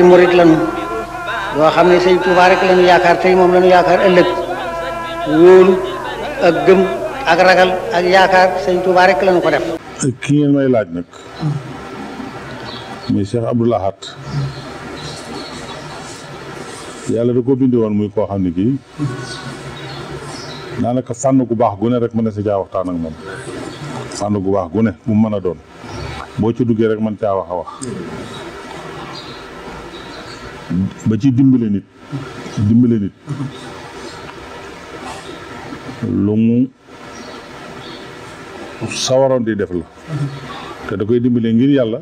ay murit lañu yoo xam ne sëñ Tuubaa rek lañu yaakaar tey moom lañu yaakaar ëllëg wóolu ak gëm ak ragal ak yaakaar sëñ Tuubaa rek lañu ko def. ki ngeen may laaj nag. muy Cheikh Abdou yàlla da ko bindi woon muy koo xam ne kii daanaka fànn gu baax gu rek mën na si caa waxtaan ak moom fànn gu baax gu ne mën a doon boo ci duggee rek mën caa wax a wax ba ci dimbalé nit dimbalé nit lu sawaron di def la té da koy dimbalé ngir yalla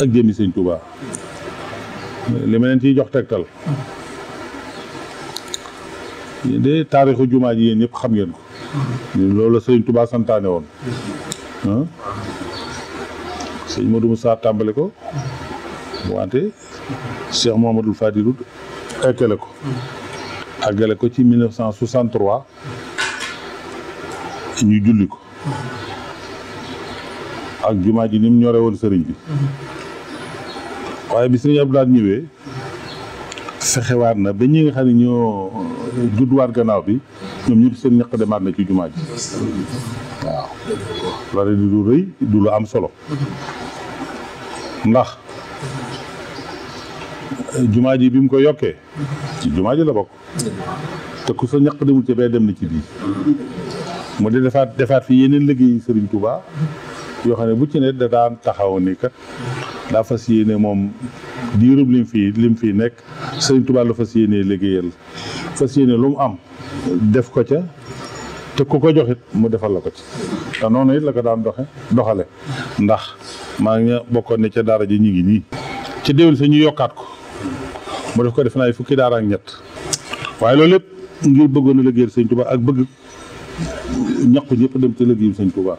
ak demi seigne touba li ma leen ciy jox tegtal de taarixu jumaa ji yeen ñep xam ngeen ko loolu seigne touba Tuubaa won woon seigne Modou Moussa tambalé ko wante Cheikh Mouhamadul Fadilou eggale ko eggale ko ci 1963 ñu julli ko ak jumaa ji ni mu ñore woon sëriñ bi waaye bi sëriñ Abdou Lahad ñëwee fexewaat na ba ñi nga xam ne ñoo judduwaat gannaaw bi ñoom ñëpp seen ñaq demaat na ci jumaa waaw loolu di du rëy du am solo ndax jumaa ji bi mu ko yokkee ci jumaa ji la bokk te ku sa ñaq demul ci bee dem na ci bii mu di defaat defaat fi yeneen liggéey sëriñ tubaa yoo xam ne bu ci ne da daan taxaw ni kat daa fas yéene moom diirub lim fii lim fii nekk Serigne Touba la fas yéene liggéeyal fas yéene lu mu am def ko ca te ku ko joxit mu defal la ko ci te noonu it la ko daan doxe doxale ndax maa ngi bokkoon ne ca daara ji ñu ngi nii ci déwén sa ñu yokkaat ko mu def ko def naa fukki daara ak ñett waaye loolu lépp ngir bëggoon a liggéeyal sëñ Touba ak bëgg ñaqu ñëpp dem ci liggéeyam sëñ Touba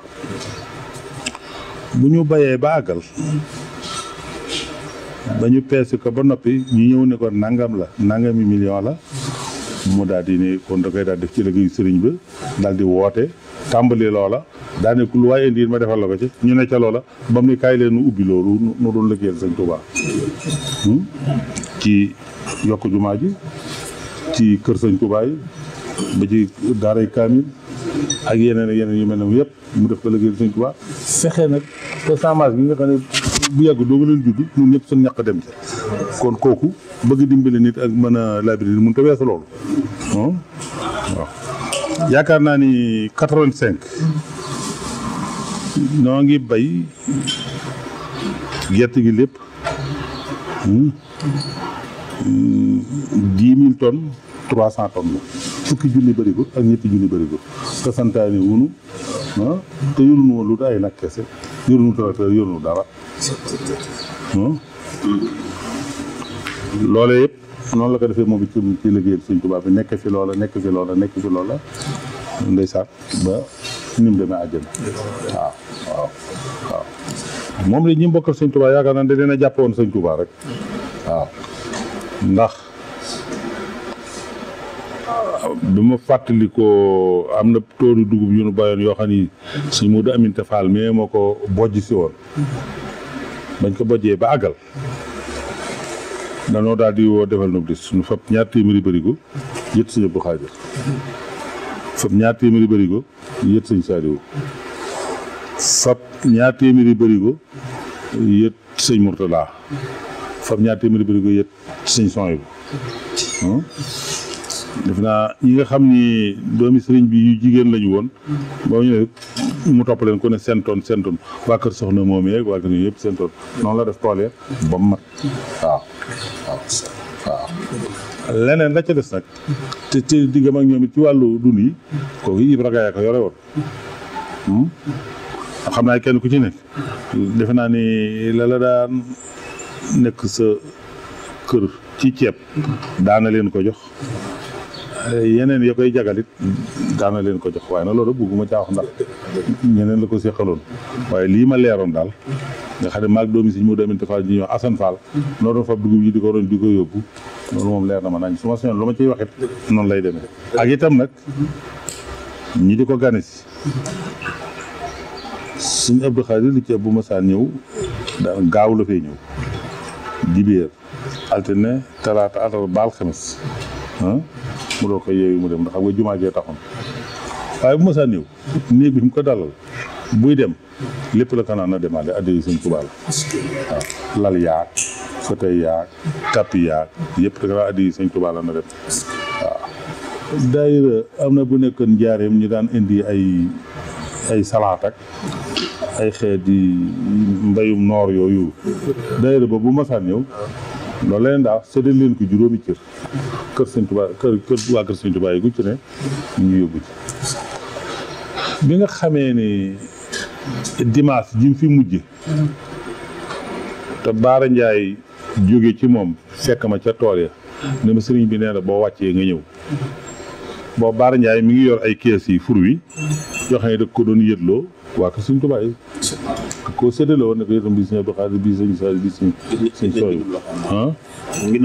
bu ñu bayee ba àggal ba ñu peese ko ba noppi ñu ñëw ne ko nangam la nangami million la mu daal di ne kon da koy daal def ci liggéeyu sëriñ bi daal di woote tàmbali loola daa ne lu waaye indi ma defal la ko ci ñu ne ca loola ba mu kay kaay leen nu ubbi loolu nu doon liggéeyal sëñ Touba. Hmm? ci yokk jumaa ji ci kër sëñ Tuubaa yi ba ci daaray kaamil ak yeneen ak yeneen yu mel ne yëpp mu def ko liggéey sëñ Tuubaa fexe nag te semence bi nga xam ne bu yàgg doo nga leen judd ñun ñëpp dem ci kon kooku bëgg dimbali nit ak mën a labiri mun te weesu loolu yaakaar naa ni quatre cinq noo ngi bay gerte gi lépp dix mille tonnes trois cent tonnes fukki junni bërigut ak ñetti junni bërigut te santaane wunu ah, te yorunu woon lu ay nag kese yorunu tracteur yorunu dara ah. loole yëpp noonu la ko defee moom ci ci liggéeyal Sëñ Tuubaa bi nekk fi loola nekk fi loola nekk fi loola ndeysaan ba ni mu demee àjjana waaw waaw waaw moom la ñi mbokkal Sëñ Tuubaa yaakaar naa ne dina jàpp woon Sëñ Tuubaa rek waaw ndax bi ma fàttali ko am na tóoru dugub yu nu yoo xam ni suñ Modou Aminta Fall mais moo ko bojj si woon bañ ko bojjee ba àggal danoo daal di woo defal nob di suñu fab ñaar téeméeri bërigo yët sëñ Abdou Xaadir fab ñaar téeméeri bërigo yët sëñ Saaliwu fab ñaar téeméeri bëri ko yët ci sëñ son yi def naa ñi nga xam ni doomi sëriñ bi yu jigéen lañu woon ba ñu mu topp leen ku ne seen toon seen toon waa kër soxna moom yeeg waa kër yëpp seen toon noonu la def tool ya ma mu mat waaw leneen la ca des nag te te diggam ak ñoom ci wàllu dund yi kooku Ibra Gaye yore woon hmm? xam naa kenn ku ci nekk defe naa ni la daan nekk sa kër ci ceeb daana leen ko jox yeneen ya koy jagalit daana leen ko jox waaye na loolu bugguma caa wax ndax ñeneen la ko séqaloon waaye lii ma leeroon daal nga xam ne maag doomi si moo daminte fall ñi ñuy wax Assane Fall dugub yi di ko roñ di ko leer na ma nañ su ma soñoon lu ma ciy waxit noonu lay demee ak itam nag ñi di ko gane si suñ Abdou Khadir li bu ma saan ñëw daa gaaw la fay ñëw dibéer altine talaata atal ba alxames ah, mu doo ko yeewi mu dem ndax xam nga jumaa jee taxoon waaye bu ma saa néeg bi mu ko dalal buy dem lépp la kanaan na demaale adde yi suñ Tuubaa la waaw lal yaag fauteuil yaag tapis yaag yëpp da kanaan adde yi suñ Tuubaa la na dem waaw daayira am na bu nekkoon njaareem ñu daan indi ay ay salaat ay xeet yi mbayum noor yooyu daayira ba bu masaan ñëw loolu leen daa séddale leen ko juróomi cër kër sëñ Tuubaa kër kër waa yi gu ci ne ñu yóbbu ci bi nga xamee ni dimaas ji mu fi mujj te Baara Ndiaye jóge ci moom sekk ma ca tool ya ne ma sëriñ bi nee na boo wàccee nga ñëw boo Baara Ndiaye mi ngi yor ay kees yi fur wi yoo ne da ko doon yëtloo waa ko suñ ko yi. koo séddale woon ne ko yëtam bii sëñ Abdou Khadre bii sëñ Sall bii sëñ sëñ sooy ah mu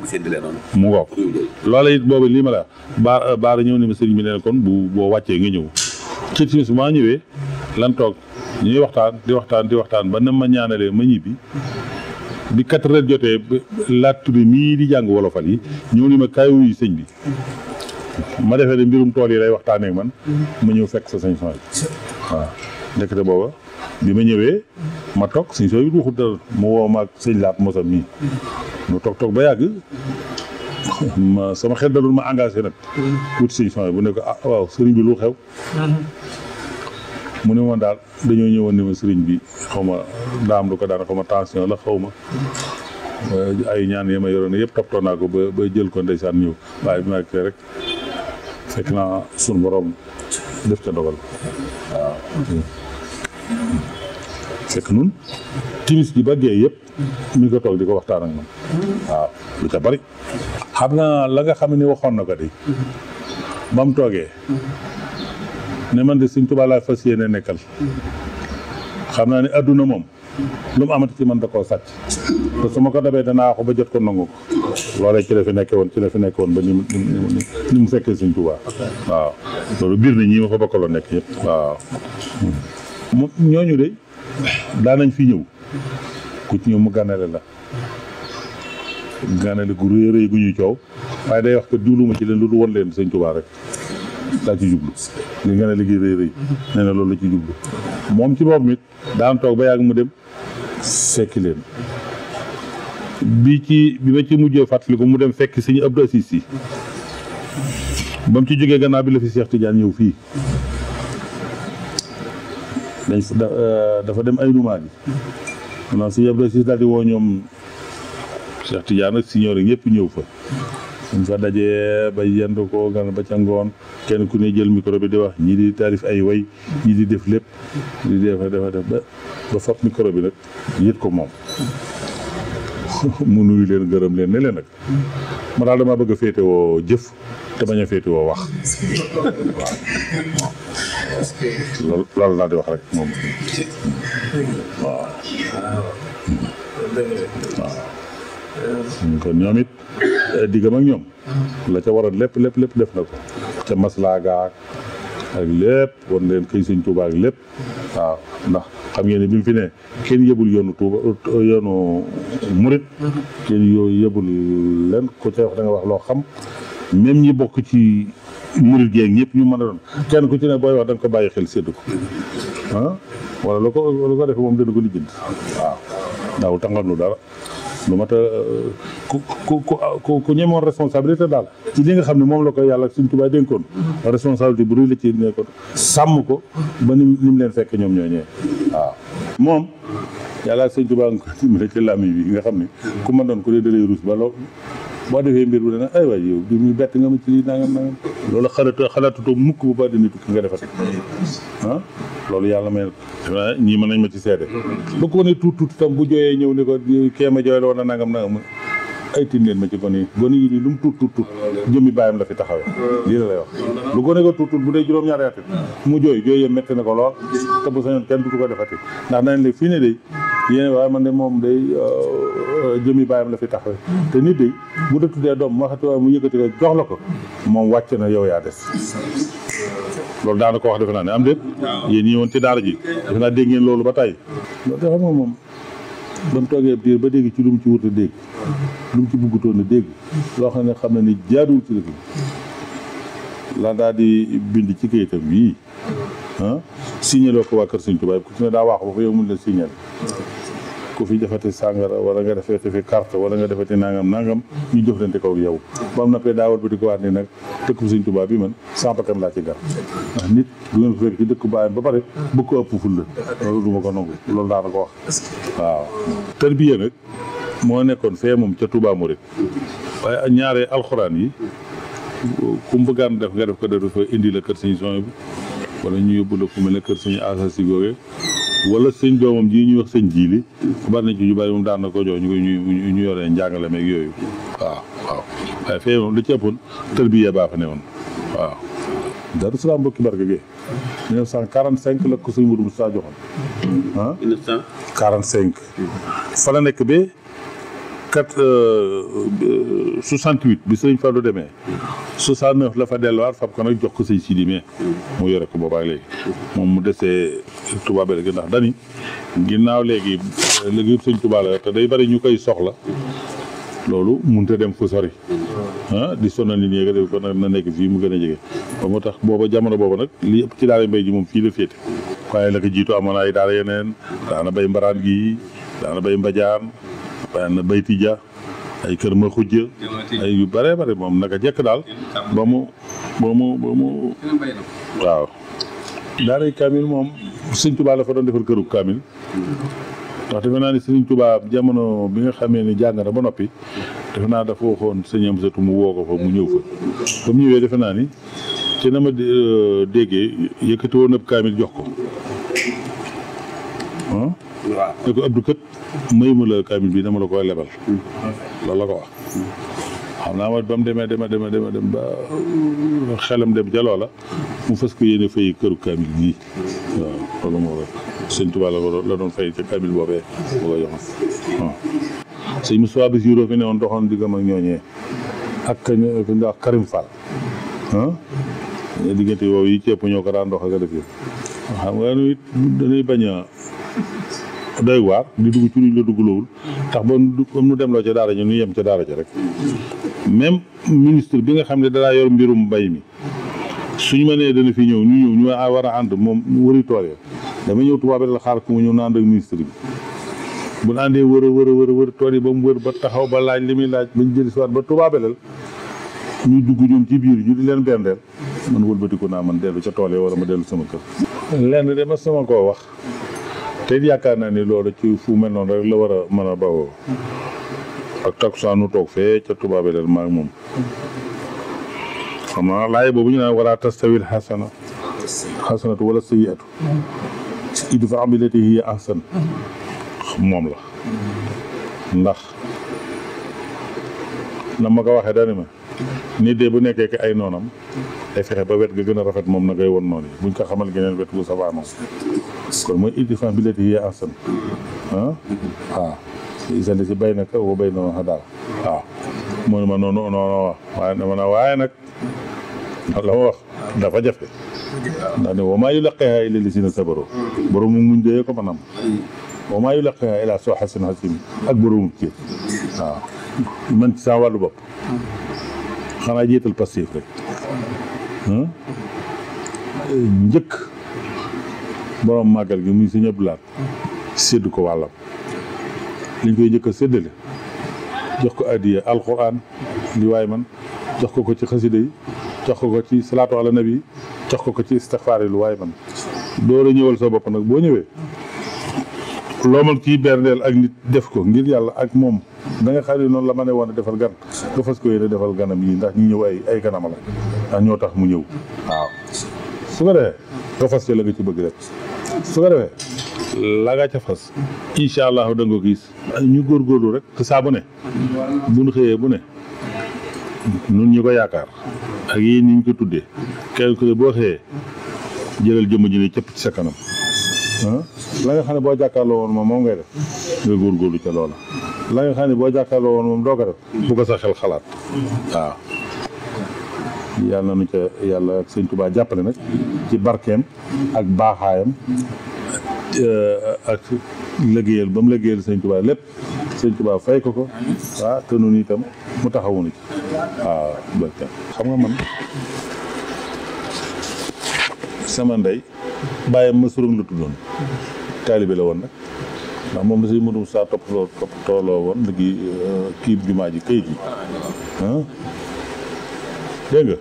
ko séddalee noonu it boobu lii ma la baar euh, baar ñëw ne ma sëriñ bi neen kon bu boo wàccee nga ñëw ci maa ñëwee lan toog ñuy waxtaan di waxtaan di waxtaan ba na ma ñaanalee ma ñibbi bi quatre heures jotee laat tuddi mii di jàng wolofal yi ñëw ni ma kaay wuyu sëñ bi ma defee ne mbirum tool yi lay waxtaanee man ma ñëw fekk sa sëñ sooy waaw ndekete booba bi ma ñëwee ma toog suñ sooy ruuxu dara mu woo maak sëñ laat mosam mii mu toog toog ba yàgg sama xel dalul ma engage nag tuuti sëñ fan bu nekk ko ah waaw sëriñ bi lu xew mu ne woon daal dañoo ñëwoon ne ma sëriñ bi xaw ma daam lu ko daan xaw ma tension la xaw ma ay ñaan yi ma yoroon yëpp toppatoo naa ko ba ba jël ko ndeysaan ñëw waaye bi ma rek fekk naa sunu borom def ca dogal fekk nun timis bi ba géey yëpp mi ngi ko toog di ko waxtaan ak man waaw lu ca bari xam na la nga xam ni waxoon na ko de ba mu toogee ne man de Sëñ Tuubaa laa fas yéene nekkal xam naa ni adduna moom lu mu amati ci man da koo sàcc te su ma ko dabee danaa ko ba jot ko nangu ko loolee ci la fi nekkee woon ci la fi nekkee woon ba ni mu ni mu fekkee sëñ Tuubaa waaw loolu biir na ñi ma fa bokkaloon nekk yëpp waaw moom ñooñu de daanañ fi ñëw ku ci ñëw mu gànnaale la gànnaale gu rëy rëy gu ñuy coow waaye day wax que diwluma ci leen lu won leen sëñ Tuubaa rek daa ci jublu li nga ne liggéey rëy rëy loolu la ci jublu moom ci boppam it daan toog ba yàgg mu dem sekki leen bi ci bi ma ci mujjee fàttaliku mu dem fekk sëñ Abdou Assis si ba mu ci jógee gannaaw bi la fi Cheikh Tidiane ñëw fii dañ euh, dafa dem ay numaa bi maanaam sëñ Abdou Assis daal di woo ñoom Cheikh Tidiane ak si ñëw rek ñëw fa suñ fa dajee ba yendu ko gan ba ca ngoon kenn ku ne jël mikoro bi di wax ñii di taarif ay way ñii di def lépp di def dafa def ba ba fab micro bi nag yët ko moom mu nuyu leen gërëm leen ne leen nag ma dama damaa bëgg féetewoo jëf te bañ a féetewoo wax waaw loolu loolu laa di wax rek moom waaw waaw kon ñoom it diggam ak ñoom la ca waroon lépp lépp lépp def na ko ca maslaaga ak lépp wan leen këy sëñ Tuubaa ak lépp waaw ndax xam ngeen ne bi mu fi ne kenn yëbul yoonu Touba yoonu Murit. kenn yooyu yëbul leen ku ca wax da wax loo xam même ñi bokk ci Murit geeg ñëpp ñu mën a doon kenn ku ci ne booy wax da ko bàyyi xel séddu ko ah wala lu ko lu ko defee moom dina ko lijjanti waaw daaw tàngal nu dara. lu mat a euh, ku ku ku ku ñemoon responsabilité daal ci li nga xam ne moom la ko yàlla ak suñ tubaay dénkoon responsabilité bu rëy la ci ne ko sàmm ko ba ni ni mu leen fekk ñoom ñoo ñëwee moom yàlla ak suñ tubaay nga ko dimbale ci làmmiñ nga xam ne ku ma doon ku dee dalay ruus ba loo boo defee mbir bu dana ay waay yow di muy bett nga ma ci lii nangam nangam loolu xalaat xalaatutoo mukk bu baax dina tukki nga defati ah loolu yàlla ma na ñii mën nañ ma ci seede ba ko ne tuut tuut tam bu jooyee ñëw ne ko kee ma jooy la woon a nangam nangam ay tin leen ma ci gone yi gone yi nii lu mu tuut tuut jëmmi bàyyam la fi taxawee lii la lay wax lu gone ko tuut tuut bu dee juróom-ñaari at mu jooy jooyee métti ne ko lool te bu sañoon kenn du ko defati ndax nañ la fii ne day yéen waaye man ne moom day euh, euh, jëmi bàyyam la fi taxawe mm-hmm. te nit day bu da tuddee doom waxati waaye mu yëkkati ko jox la ko moom wàcc na yow yaa des loolu daana ko wax defe naa ne am déet yéen ñi woon ci daara ji defe naa dégg ngeen loolu ba tey mm-hmm. loolu xam toogee diir ba dégg ci lu ci wut a dégg mm-hmm. ci buggutoon a dégg loo xam ne xam ne ni jaaduwul ci dëkk la daal di bind ci kayitam yii ah signaloo ko waa Kër Sëñ Tuubaa ku ci ne daa wax ba fa yow mun la signal ku fi defati sàngara wala nga defati fi carte wala nga defati nangam nangam ñu jëflante ko ak yow ba am nappee daawal bi di ko waat ni nag dëkk bi Sëñ Tuubaa bi man sans laa ci gar ndax nit du baayam ba pare bu ko ëpp fulla loolu du ma ko nangu loolu daana ko wax waaw tarbiya nag moo nekkoon fee moom ca Touba Mouride waaye ñaare alxuraan yi ku mu bëggaan def nga def ko def dafa indi la kër Sëñ Son bi wala ñu yóbbu la fu mel ne kër Sëñ Asa si googe wala sëñ doomam ji ñuy wax sëñ jiili bari na ñu bari moom daan na ko jox ñu ñu ñu yoree njàngale meeg yooyu waaw waaw waaye fee moom lu ci ëppoon tërbiya baa fa ne woon waaw Daaru Salaam mbokki barke gi 1945 la ko sëñ Mourou Moussa joxoon ah nekk be quatre euh, euh, soixante huit bi sëriñ Fallou demee soixante neuf la fa delluwaat fab ko nag jox ko sëñ Sidi mais mu yore ko boobaak léegi moom mu desee Touba bi léegi ndax dani ginnaaw léegi léegi yëpp sëñ Touba la te day bari ñu koy soxla loolu mun a dem fu sori ah di sonal nit ñi nga def ko na nekk fii mu gën a jege ba moo tax booba jamono booba nag li ëpp ci daara mbay ji moom fii la féete waaye la ko jiitu amoon ay daara yeneen daana bay mbaraan gi daana bay mbajaan na bayti dia ay kër ma xujja ay yu bare bare moom naka jekk daal ba mu ba mu ba mu waaw daaray kaamil moom sëñ tubaa la fa doon defar këru kaamil ndax defe naa ni sëriñ tubaa jamono bi nga xamee ni jàng na ba noppi defe naa dafa waxoon sëñ am mu woo ko fa mu ñëw fa ba mu ñëwee defe naa ni te na ma euh, déggee yëkkati woon ab kaamil jox ko ne ko Abdou kët mayuma la kaamil bi dama la koy lebal loolu la ko wax xam naa ma ba mu demee dema dema dema ba xelam dem jaloo la mu fas ko yéene fay këru kaamil gii waaw loolu moo rek sëñ Tuubaa la ko la doon fay ca kaamil boobee moo koy joxoon waaw sëñ Moussa bi fi ne woon doxoon diggam ak ñooñee ak kañ ndax Karim Fall ah diggante woowu yi ceeb ñoo ko daan dox ak a def yëpp xam nga it dañuy bañ a doy war di dugg ci luñ la dugglowul tax ba nu dem lo ci dara ñu yëm ci dara ci rek même ministre bi nga xam da la yor mbirum bay mi suñu mané nee dana fi ñew ñu ñëw ñu ah, wara and mom moom wëri tooree ya. dama ñëw tubaab la xaar ku mu ñëw naan ak ministre bi bu ñu wër wër wër wër tool ba mu wër ba taxaw ba laaj limi laaj ba ñu jëli siwaat ba tubaabelal ñu dugg ñun ci biir ñu di leen bendeel man wëlbatiku na man dellu ci tool yi ya, wala ma dellu sama kër lén de ma sama ko wax te it yaakaar naa ni loolu ci fu mel noonu rek la war a mën a bawoo ak takkusaan nu toog fee ca tubaab yi maa ngi moom xam naa laay boobu ñu naan wala tastawil xasana xasanatu wala sayiatu idfa billati hiya ahsan moom la ndax na ma ko waxee dani ma nit de bu nekkee ay noonam ay fexe ba wet ga gën a rafet moom na ngay woon noonu yi buñ ko xamal geneen wet gu safaanoom kon mooy idfa bi llatii hiya ahsan ah waaw ah. isali si baynaka wa baynahum hadaala ah. waaw mu ne ma noonu noonu wax waaye nag la ma wax dafa jafe ndax ne wa maa yulaqqaahaa illaa ko mën a am wa maa yulaqqaahaa illaa zuu hazzin ak borom kii ah. waaw xanaa jiital Pastef rek njëkk borom màggal gi muy Sëñ Abdou Lahad sédd ko wàllam liñ koy njëkk a séddale jox ko addiya alquran li waay man jox ko ko ci xasida yi jox ko ko ci salaatu ala nabi jox ko ko ci istixfaar yi lu waay man doo la ñëwal sa bopp nag boo ñëwee loo mën kii berndeel ak nit def ko ngir yàlla ak moom da xam ne noonu la ma ne woon a defal gan nga fas ko yéene defal ganam yi ndax ñi ñëw ay ay ganam la ndax ah, ñoo tax mu ñëw waaw su ko defee nga fas ca la nga ci bëgg rek su ko defee la nga ca fas incha allah da ko gis ñu góor góorlu rek te saa bu ne bu nu xëyee bu ne nun ñu ko yaakaar ak yéen ni ñu ko tuddee kenn ku ne boo xëyee jëlal jëmm ji ne cëpp ci sa kanam ah, la nga xam ne boo jàkkaarloo woon moom moom ngay def nga góorgóorlu ca loola la nga boo jàkkaarloo woon moom doo ko def bu ko sa xel xalaat waaw yàlla nu ca yàlla ak sëñ jàppale nag ci barkeem ak baaxaayam eh, ak liggéeyal ba mu liggéeyal sëñ lépp sëñ Tuubaa fay ko ko waaw te nun itam mu taxawunu ci waaw barke xam nga man sama ndey bàyyam masurum la tuddoon taalibe la woon nag ndax moom la sëñ Modou Moussa toppaloo topp tooloo woon léegi euh, kii jumaa ji kayit yi ah dégg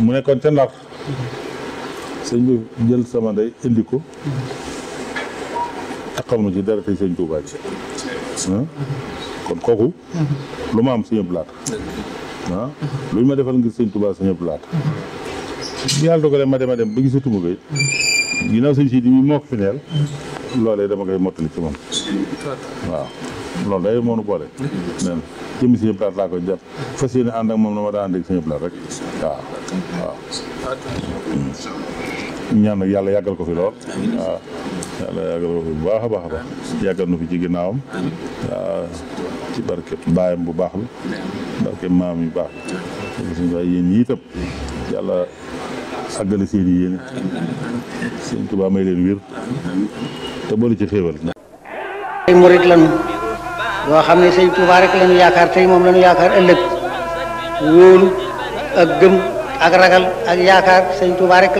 nga mu nekkoon ca Ndar sëñ bi jël sama ndey indi ko taxal ma ci dara tey sëñ Tuubaa ji kon kooku lu ma am sëñ bu ah lu ñu ma defal ngir sëñ Tuubaa sëñ Blaat bi yàlla dogalee ma dem dem ba gisatuma ko it ginnaaw sëñ si di moo ko fi loolee dama koy mottali ci moom waaw loolu day moonu boole nen jëmi Sëñ Abdou Lahad laa koy jàpp fas yéene ànd ak moom na ma daan dégg Sëñ Abdou Lahad rek waaw waaw ñaan yàlla yàggal ko fi lool waaw yàlla yàggal ko fi bu baax a baax a baax yàggal nu fi ci ginnaawam waaw ci barke baayam bu baax bi barke maam yu baax bi suñ waaye yéen ñi yàlla àggale seen i yéene seen Tuubaa may leen wér te bëri ci xéewal ay murit lañu yoo xam ne sëñ Tuubaa rek lañu yaakaar tey moom lañu yaakaar ëllëg wóolu ak gëm ak ragal ak yaakaar sëñ Tuubaa rek